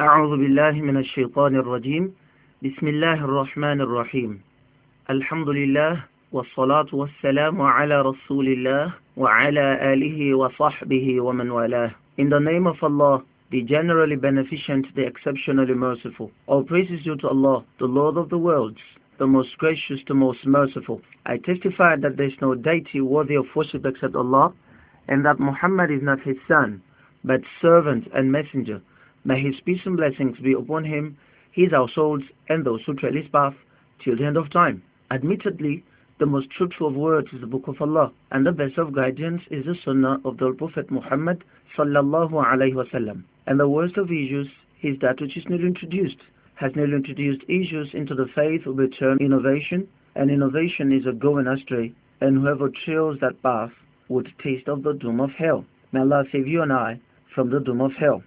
أعوذ بالله من الشيطان الرجيم بسم الله الرحمن الرحيم الحمد لله والصلاة والسلام على رسول الله وعلى آله وصحبه ومن والاه In the name of Allah the generally beneficent, the exceptionally merciful. All praises due to Allah, the Lord of the worlds, the most gracious, the most merciful. I testify that there is no deity worthy of worship except Allah, and that Muhammad is not his son, but servant and messenger. May his peace and blessings be upon him, his households, and those who tread his path till the end of time. Admittedly, the most truthful of words is the Book of Allah, and the best of guidance is the Sunnah of the Prophet Muhammad sallallahu alaihi wasallam. And the worst of issues is that which is newly introduced, has newly introduced issues into the faith will be termed innovation, and innovation is a going astray, and whoever trails that path would taste of the doom of hell. May Allah save you and I from the doom of hell.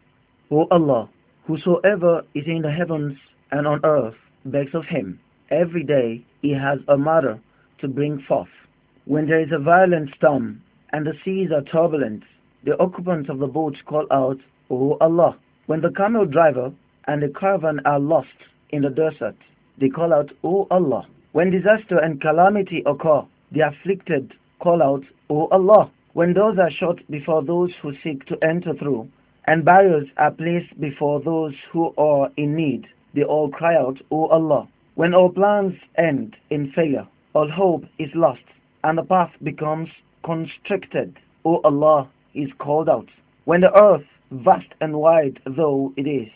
O Allah, whosoever is in the heavens and on earth begs of him. Every day he has a matter to bring forth. When there is a violent storm and the seas are turbulent, the occupants of the boats call out, O Allah. When the camel driver and the caravan are lost in the desert, they call out, O Allah. When disaster and calamity occur, the afflicted call out, O Allah when doors are shut before those who seek to enter through, and barriers are placed before those who are in need, they all cry out, O Allah. When all plans end in failure, all hope is lost, and the path becomes constricted, O Allah is called out. When the earth, vast and wide though it is,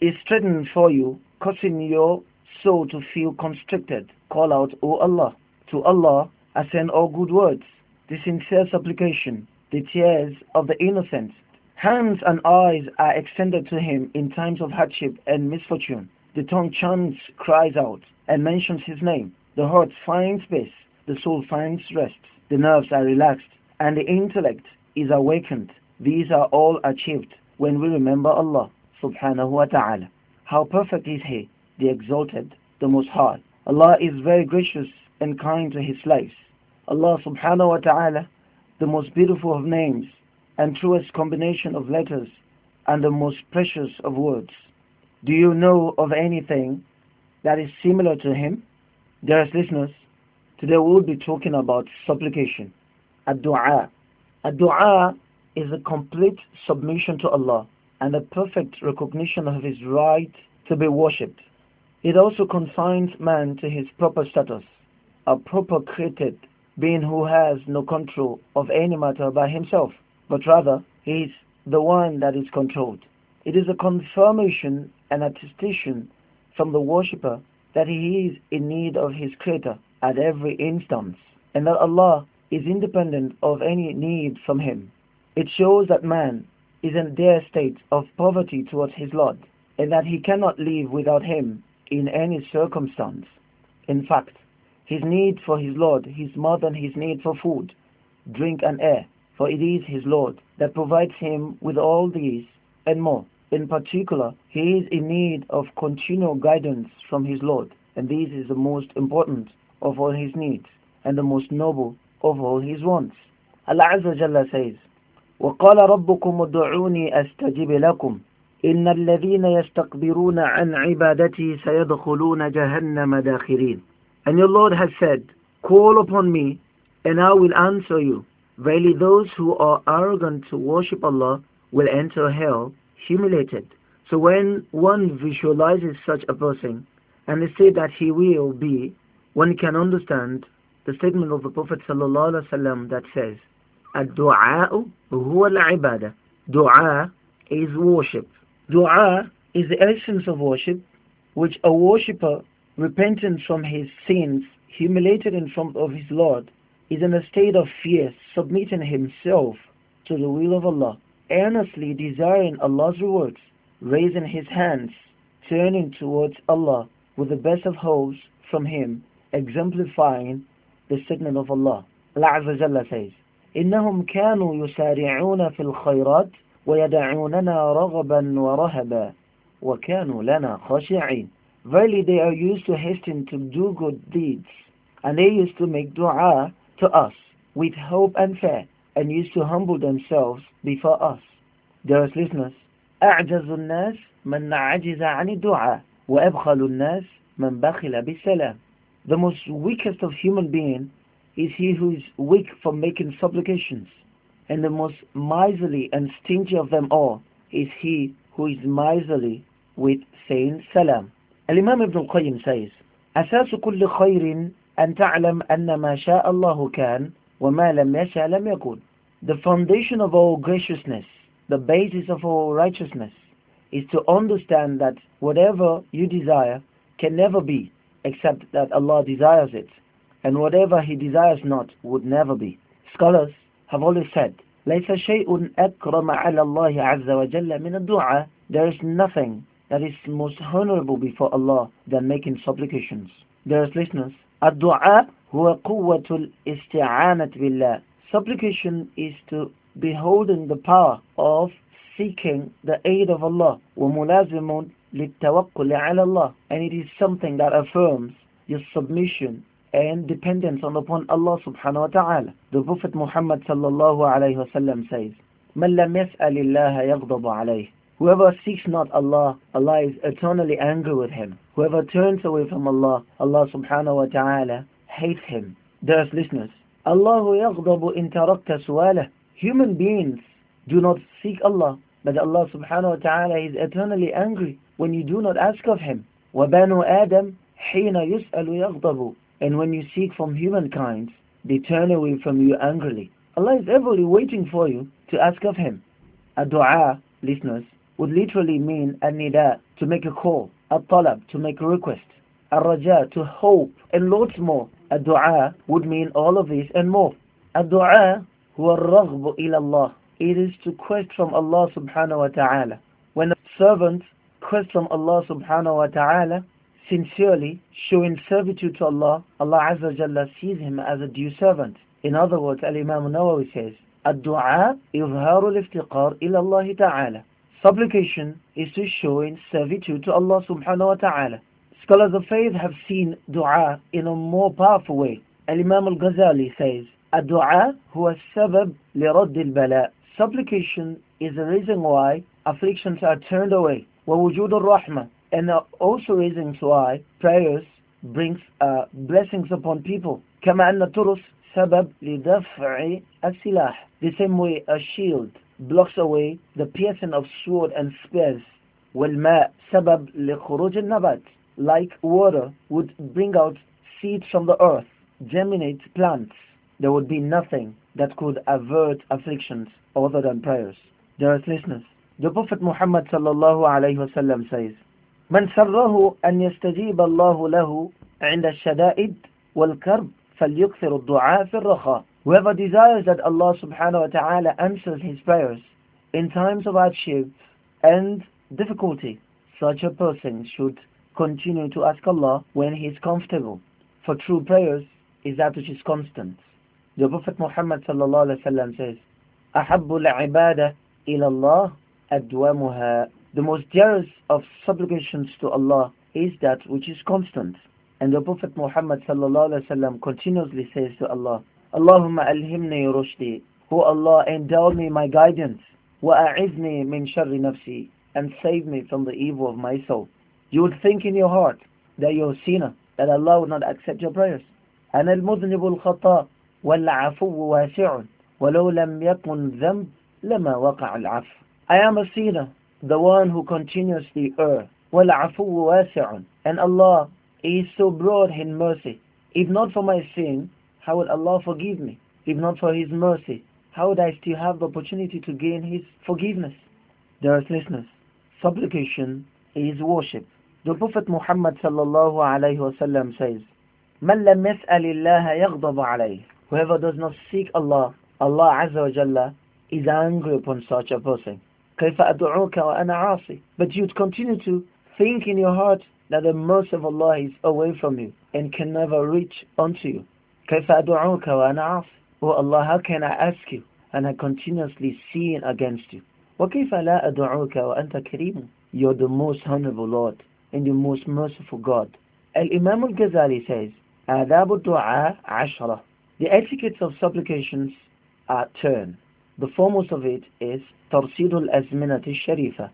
is threatening for you, causing your soul to feel constricted, call out, O Allah. To Allah ascend all good words the sincere supplication, the tears of the innocent, Hands and eyes are extended to him in times of hardship and misfortune. The tongue chants, cries out, and mentions his name. The heart finds peace, the soul finds rest, the nerves are relaxed, and the intellect is awakened. These are all achieved when we remember Allah subhanahu wa ta'ala. How perfect is He, the Exalted, the Most High. Allah is very gracious and kind to His slaves. Allah subhanahu wa ta'ala, the most beautiful of names and truest combination of letters and the most precious of words. Do you know of anything that is similar to him? Dearest listeners, today we will be talking about supplication, ad-du'a. Ad-du'a is a complete submission to Allah and a perfect recognition of his right to be worshipped. It also confines man to his proper status, a proper created being who has no control of any matter by himself, but rather he is the one that is controlled. It is a confirmation and attestation from the worshipper that he is in need of his Creator at every instance, and that Allah is independent of any need from him. It shows that man is in dire state of poverty towards his Lord, and that he cannot live without him in any circumstance. In fact, his need for his Lord is more than his need for food, drink and air, for it is his Lord that provides him with all these and more. In particular, he is in need of continual guidance from his Lord, and this is the most important of all his needs and the most noble of all his wants. Allah Azza Jalla says, وَقَالَ رَبُّكُمُ ادْعُونِي أَسْتَجِبْ لَكُمْ إِنَّ الَّذِينَ يَسْتَكْبِرُونَ عَنْ عِبَادَتِي سَيَدْخُلُونَ جَهَنَّمَ دَاخِرِينَ and your Lord has said, Call upon me, and I will answer you. Verily those who are arrogant to worship Allah will enter hell humiliated. So when one visualizes such a person and they say that he will be, one can understand the statement of the Prophet ﷺ that says, huwa هو العبادة Dua is worship. Dua is the essence of worship, which a worshipper repentant from his sins, humiliated in front of his Lord, is in a state of fear, submitting himself to the will of Allah, earnestly desiring Allah's rewards, raising his hands, turning towards Allah with the best of hopes from him, exemplifying the signal of Allah. Allah Azza Jalla says, إنهم كانوا يسارعون في الخيرات ويدعوننا رغبا ورهبا وكانوا لنا خشعين. Verily they are used to hasten to do good deeds, and they used to make dua to us with hope and fear, and used to humble themselves before us. Dearest listeners, أعجز الناس من عجز عن الدعاء وأبخل الناس من بخل بالسلام The most weakest of human beings is he who is weak for making supplications, and the most miserly and stingy of them all is he who is miserly with saying salam. الإمام ابن القيم says أساس كل خير أن تعلم أن ما شاء الله كان وما لم يشاء لم يكن The foundation of all graciousness, the basis of all righteousness, is to understand that whatever you desire can never be except that Allah desires it, and whatever He desires not would never be. Scholars have always said, ليس شيء أكرم على الله عز وجل من الدعاء There is nothing that is most honorable before Allah than making supplications. Dearest listeners, الدعاء هو قوة الاستعانة بالله. Supplication is to beholding the power of seeking the aid of Allah. وملازم للتوكل على الله. And it is something that affirms your submission and dependence on upon Allah subhanahu wa ta'ala. The Prophet Muhammad sallallahu alayhi wa sallam says, من لم يسأل الله يغضب عليه Whoever seeks not Allah, Allah is eternally angry with him. Whoever turns away from Allah, Allah subhanahu wa ta'ala hates him. Thus, listeners, Allahu yaghdabu in Human beings do not seek Allah, but Allah subhanahu wa ta'ala is eternally angry when you do not ask of him. وَبَنُوا Adam حِينَ يُسْأَلُ يَغْضَبُ And when you seek from humankind, they turn away from you angrily. Allah is everly waiting for you to ask of him. A dua, listeners, would literally mean a nida, to make a call, a talab, to make a request, a raja, to hope, and lots more. A dua would mean all of this and more. A dua huwa raghbu ila Allah. It is to quest from Allah subhanahu wa ta'ala. When a servant quests from Allah subhanahu wa ta'ala, sincerely showing servitude to Allah, Allah Azza Jalla sees him as a due servant. In other words, Al-Imam Nawawi says, الدعاء إظهار الافتقار إلى الله تعالى Supplication is to show in servitude to Allah subhanahu wa ta'ala. Scholars of faith have seen dua in a more powerful way. Al-Imam al-Ghazali says, "A du'a الدعاء sabab li لرد البلاء. Supplication is the reason why afflictions are turned away. ووجود الرحمة. And also reasons why prayers brings uh, blessings upon people. كما sabab li da'fi al silah. The same way a shield blocks away the piercing of sword and spears. والماء سبب لخروج النبات like water would bring out seeds from the earth, germinate plants. There would be nothing that could avert afflictions other than prayers. There is listeners, the Prophet Muhammad sallallahu alayhi wasallam says, من سره أن يستجيب الله له عند الشدائد والكرب فليكثر الدعاء في الرخاء Whoever desires that Allah subhanahu wa ta'ala answers his prayers in times of hardship and difficulty, such a person should continue to ask Allah when he is comfortable. For true prayers is that which is constant. The Prophet Muhammad sallallahu alaihi wasallam says, أحب العبادة إلى الله أدومها The most dearest of supplications to Allah is that which is constant. And the Prophet Muhammad sallallahu alaihi wasallam continuously says to Allah, Allahumma alhimni rushdi. O Allah, endow me my guidance. وَأَعِذْنِي مِنْ شَرِّ نَفْسِي And save me from the evil of my soul. You would think in your heart that you're a sinner, that Allah would not accept your prayers. أنا المذنب الخطأ والعفو واسع ولو لم يكن ذنب لما وقع العفو I am a sinner, the one who continuously err. وَالْعَفُوُّ وَاسِعٌ And Allah is so broad in mercy. If not for my sin, how will Allah forgive me? If not for His mercy, how would I still have the opportunity to gain His forgiveness? Dearest listeners, supplication is worship. The Prophet Muhammad sallallahu alayhi wasallam says, "Man lam yas'al Allah Whoever does not seek Allah, Allah azza wa jalla is angry upon such a person. كيف أدعوك وأنا عاصي But you'd continue to think in your heart that the mercy of Allah is away from you and can never reach unto you. كيف أدعوك وأنا عاصي Oh Allah, how can I ask you and I continuously sin against you? وكيف لا أدعوك وأنت كريم You're the most honorable Lord and the most merciful God. Al-Imam al-Ghazali says, آداب الدعاء عشرة The etiquettes of supplications are ten. The foremost of it is ترصيد الأزمنة الشريفة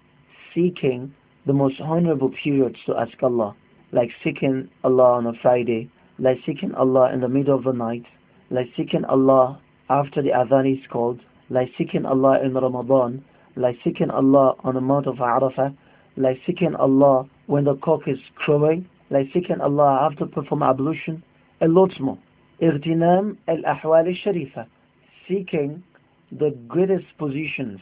Seeking the most honorable periods to ask Allah, like seeking Allah on a Friday like seeking Allah in the middle of the night, like seeking Allah after the Adhan is called, like seeking Allah in Ramadan, like seeking Allah on the Mount of Arafah, like seeking Allah when the cock is crowing, like seeking Allah after perform ablution, a lot more. al-ahwal Sharifa, Seeking the greatest positions,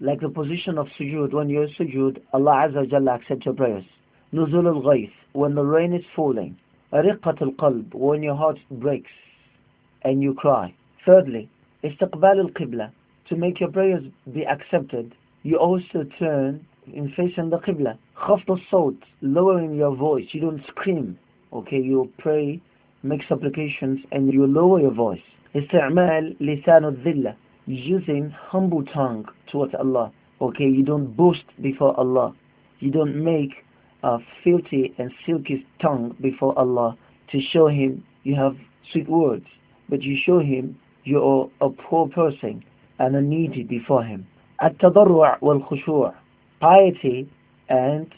like the position of sujood, when you're sujood, Allah Azza wa Jalla accepts your prayers. Nuzul al-ghayth, when the rain is falling, رقة qalb when your heart breaks and you cry thirdly al qibla to make your prayers be accepted you also turn in facing the Qibla al الصوت lowering your voice you don't scream okay you pray make supplications and you lower your voice استعمال لسان الذلة using humble tongue towards Allah okay you don't boast before Allah you don't make a filthy and silky tongue before Allah to show him you have sweet words, but you show him you are a poor person and a needy before him. At-tadarru' wal-khushu' Piety and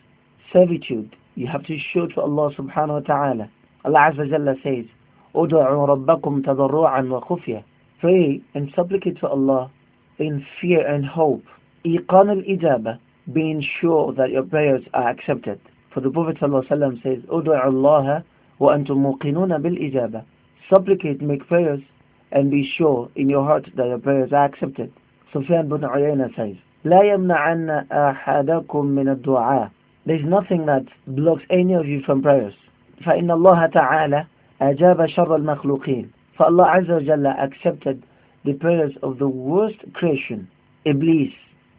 servitude you have to show to Allah subhanahu wa ta'ala. Allah Azza Jalla says, أُدْعُوا رَبَّكُمْ wa khufya, Pray and supplicate to Allah in fear and hope. al الْإِجَابَةِ Being sure that your prayers are accepted. For the Prophet ﷺ says, "Udu'u Allah wa antum muqinuna bil ijaba." Supplicate, make prayers, and be sure in your heart that your prayers are accepted. Sufyan bin Uyayna says, "La yamna'anna ahadakum min ad-du'a." There is nothing that blocks any of you from prayers. فإن الله تعالى أجاب شر المخلوقين. فَاللَّهُ عَزَّ وَجَلَّ accepted the prayers of the worst creation, Iblis.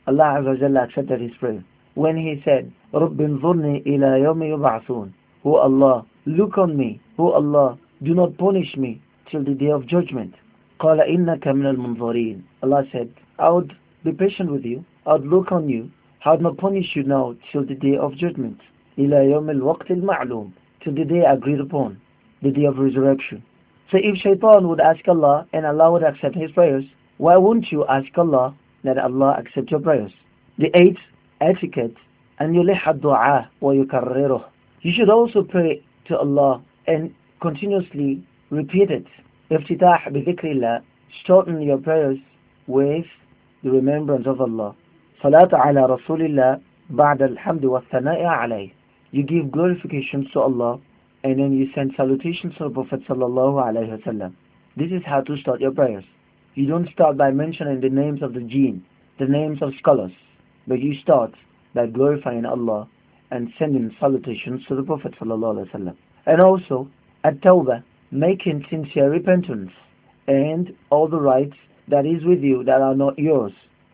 Allah Azza wa accepted his prayer when he said, رب انظرني إلى يوم يبعثون O Allah, look on me. O Allah, do not punish me till the day of judgment. قال إنك من المنظرين Allah said, I would be patient with you. I would look on you. I would not punish you now till the day of judgment. إلى يوم الوقت المعلوم Till the day agreed upon, the day of resurrection. So if shaitan would ask Allah and Allah would accept his prayers, why will not you ask Allah that Allah accept your prayers? The eighth etiquette and يُلِحَ الدُّعَاءَ وَيُكَرِّرُهُ You should also pray to Allah and continuously repeat it. افتتاح bi الله Shorten your prayers with the remembrance of Allah. Salatu على rasulillah الله بعد wa والثناء عليه. You give glorifications to Allah and then you send salutations to the Prophet sallallahu alaihi wasallam. This is how to start your prayers. You don't start by mentioning the names of the jinn, the names of scholars, but you start by glorifying Allah and sending salutations to the Prophet ﷺ. And also, at-tawbah, making sincere repentance and all the rights that is with you that are not yours.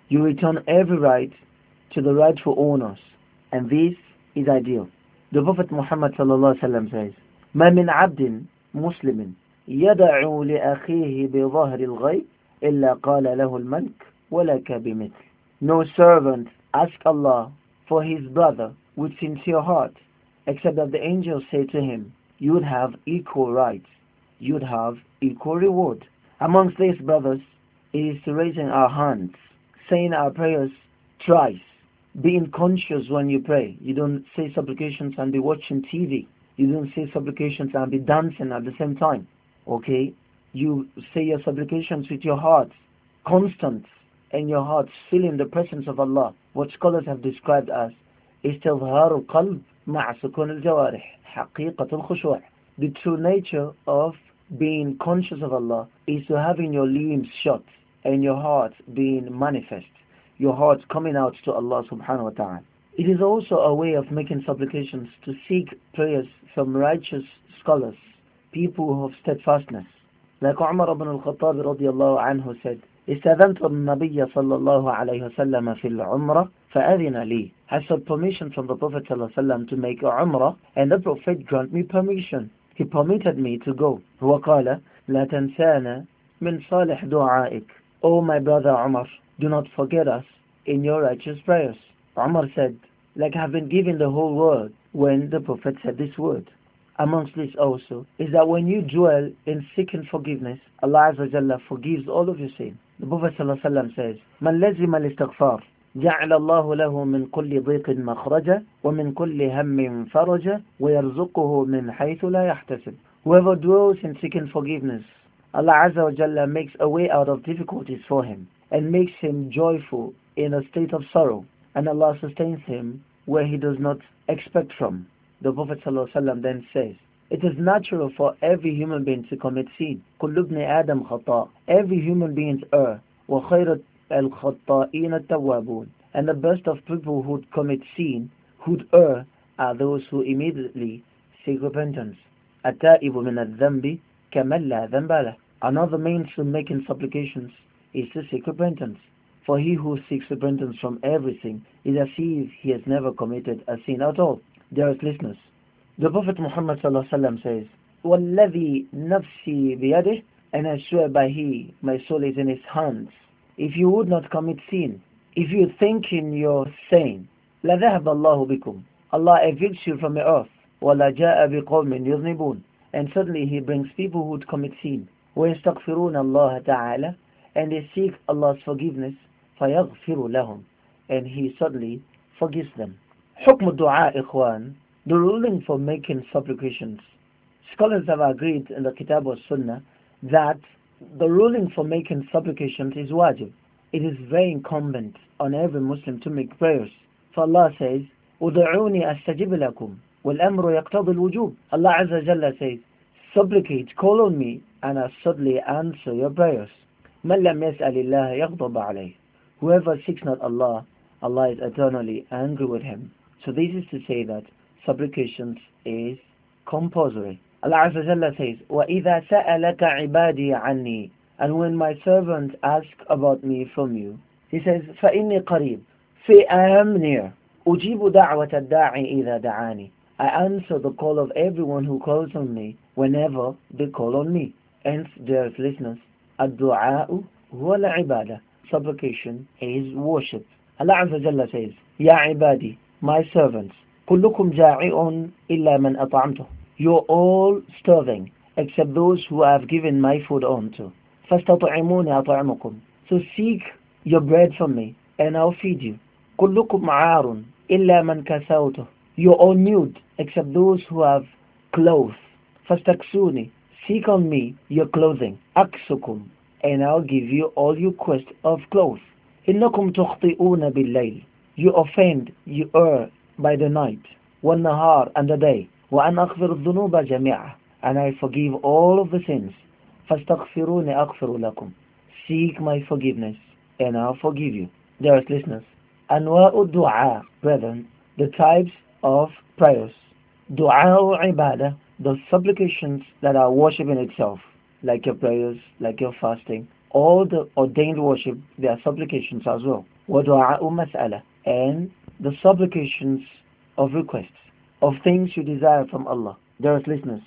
You return every right to the rightful owners, and this is ideal. The Prophet Muhammad ﷺ says, ما من No servant ask Allah for his brother with sincere heart, except that the angels say to him, You would have equal rights, you would have equal reward. Amongst these brothers is raising our hands, saying our prayers thrice, being conscious when you pray. You don't say supplications and be watching TV. You don't say supplications and be dancing at the same time. Okay? You say your supplications with your heart, constant, and your heart feeling the presence of Allah what scholars have described as استظهار القلب مع سكون الجوارح حقيقة الخشوع The true nature of being conscious of Allah is to having your limbs shut and your heart being manifest, your heart coming out to Allah subhanahu wa ta'ala. It is also a way of making supplications to seek prayers from righteous scholars, people of steadfastness. Like Umar ibn al-Khattab radiallahu anhu said, استأذنت النبي صلى الله عليه وسلم في العمرة فأذن لي. I sought permission from the Prophet صلى الله عليه وسلم to make a Umrah and the Prophet granted me permission. He permitted me to go. هو لا تنسانا من صالح دعائك. Oh my brother Umar, do not forget us in your righteous prayers. Umar said, like I've been given the whole world when the Prophet said this word. Amongst this also is that when you dwell in seeking forgiveness, Allah Azza forgives all of your sins. The Prophet وسلم says, من لزم الاستغفار جعل الله له من كل ضيق مخرجا ومن كل هم فرجا ويرزقه من حيث لا يحتسب. Whoever dwells in seeking forgiveness, Allah Azza wa Jalla makes a way out of difficulties for him and makes him joyful in a state of sorrow. And Allah sustains him where he does not expect from. The Prophet ﷺ then says, It is natural for every human being to commit sin. Kulubni Adam آدم Every human being err. وخير الخطائين التوابون. And the best of people who commit sin, who err, are those who immediately seek repentance. التائب من الذنب كمن لا ذنب Another means to making supplications is to seek repentance. For he who seeks repentance from everything is as if he has never committed a sin at all. Dearest listeners, the Prophet Muhammad ﷺ says, وَالَّذِي nafsi بِيَدِهِ And I swear by He, my soul is in His hands. If you would not commit sin, if you think in your saying, لَذَهَبَ اللَّهُ بِكُمْ Allah evicts you from the earth. وَلَجَاءَ بِقَوْمٍ يُذْنِبُونَ And suddenly He brings people who would commit sin. وَيَسْتَغْفِرُونَ اللَّهَ تَعَالَى And they seek Allah's forgiveness. فَيَغْفِرُ لَهُمْ And He suddenly forgives them. حُكْمُ الدُّعَاء إِخْوَانِ the ruling for making supplications. Scholars have agreed in the Kitab al Sunnah that the ruling for making supplications is wajib. It is very incumbent on every Muslim to make prayers. For Allah says, "Udu'uni astajib lakum, wal amru yaqtabi al-wujub." Allah Azza Jalla says, "Supplicate, call on me, and I'll suddenly answer your prayers." من لم يسأل الله يغضب عليه. Whoever seeks not Allah, Allah is eternally angry with him. So this is to say that supplications is compulsory. Allah Azza Jalla says, وَإِذَا سَأَلَكَ عِبَادِي عَنِّي And when my servants ask about me from you, He says, فَإِنِّي قَرِيب I am near. أُجِيبُ دَعْوَةَ الدَّاعِ إِذَا دَعَانِي I answer the call of everyone who calls on me whenever they call on me. Hence, dear listeners, الدعاء هو العبادة. Supplication is worship. Allah Azza Jalla says, يَا عِبَادِي My servants. كلكم جائع إلا من أطعمته You're all starving except those who I have given my food on to فاستطعموني أطعمكم So seek your bread from me and I'll feed you كلكم عار إلا من كسوته You're all nude except those who have clothes فاستكسوني Seek on me your clothing أكسكم and I'll give you all your quest of clothes إنكم تخطئون بالليل You offend, you err by the night والنهار and the day وأن أغفر الذنوب جميعا and I forgive all of the sins فاستغفروني أغفر لكم seek my forgiveness and I'll forgive you dearest listeners أنواع الدعاء brethren the types of prayers دعاء عبادة the supplications that are worship in itself like your prayers like your fasting all the ordained worship they are supplications as well ودعاء مسألة and the supplications of requests, of things you desire from Allah. Dearest listeners,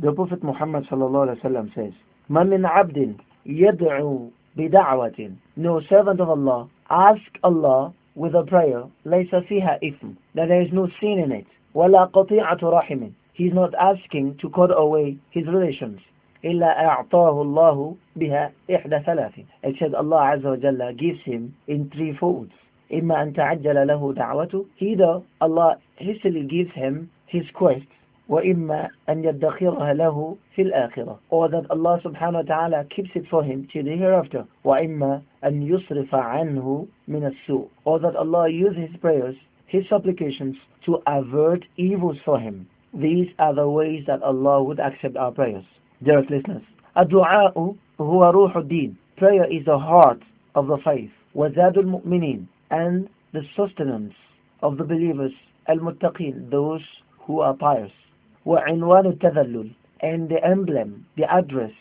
the Prophet Muhammad ﷺ says, مَا مِنْ عَبْدٍ يَدْعُو بِدَعْوَةٍ No servant of Allah, ask Allah with a prayer, لَيْسَ فِيهَا إِثْمٌ That there is no sin in it. وَلَا قَطِيعَةُ رَحِمٍ He's not asking to cut away his relations. إلا أعطاه الله بها إحدى ثلاث. Except Allah Azza wa Jalla gives him in three folds. إما أن تعجل له دعوته either Allah hastily gives him his quest وإما أن يدخرها له في الآخرة or that Allah subhanahu wa ta'ala keeps it for him till the hereafter وإما أن يصرف عنه من السوء or that Allah uses his prayers his supplications to avert evils for him these are the ways that Allah would accept our prayers dearest listeners الدعاء هو روح الدين prayer is the heart of the faith وزاد المؤمنين and the sustenance of the believers al-muttaqin, those who are pious. وعنوان التذلل and the emblem, the address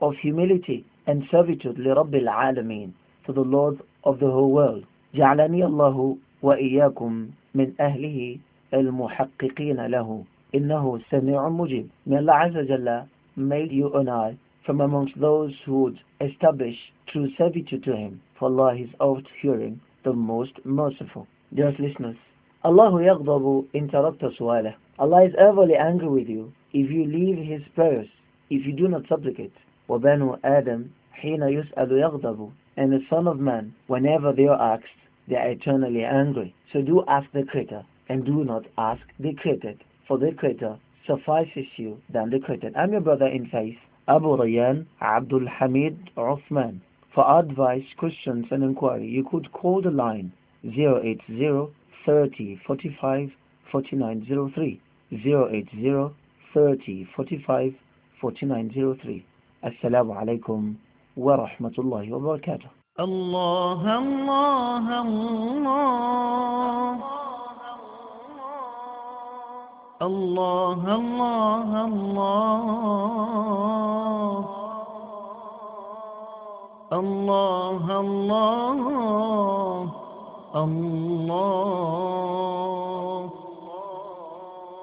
of humility and servitude لرب العالمين to the Lord of the whole world. جعلني الله وإياكم من أهله المحققين له إنه سميع مجيب. May Allah Azza Jalla make you and I from amongst those who would establish true servitude to Him. For Allah is oft hearing the most merciful. Dear listeners, Allahu yaghdabu interrupta su'ala. Allah is overly angry with you if you leave His prayers, if you do not supplicate. وَبَنُوا آدَمْ حِينَ يُسْأَلُ يَغْضَبُ And the Son of Man, whenever they are asked, they are eternally angry. So do ask the Creator, and do not ask the created, for the Creator suffices you than the created. I'm your brother in faith, Abu Rayyan Abdul Hamid Uthman. For advice, questions, and inquiry, you could call the line 080 30 45 4903. 080 30 45 4903. Assalamu alaikum wa rahmatullahi wa barakatuh. الله الله الله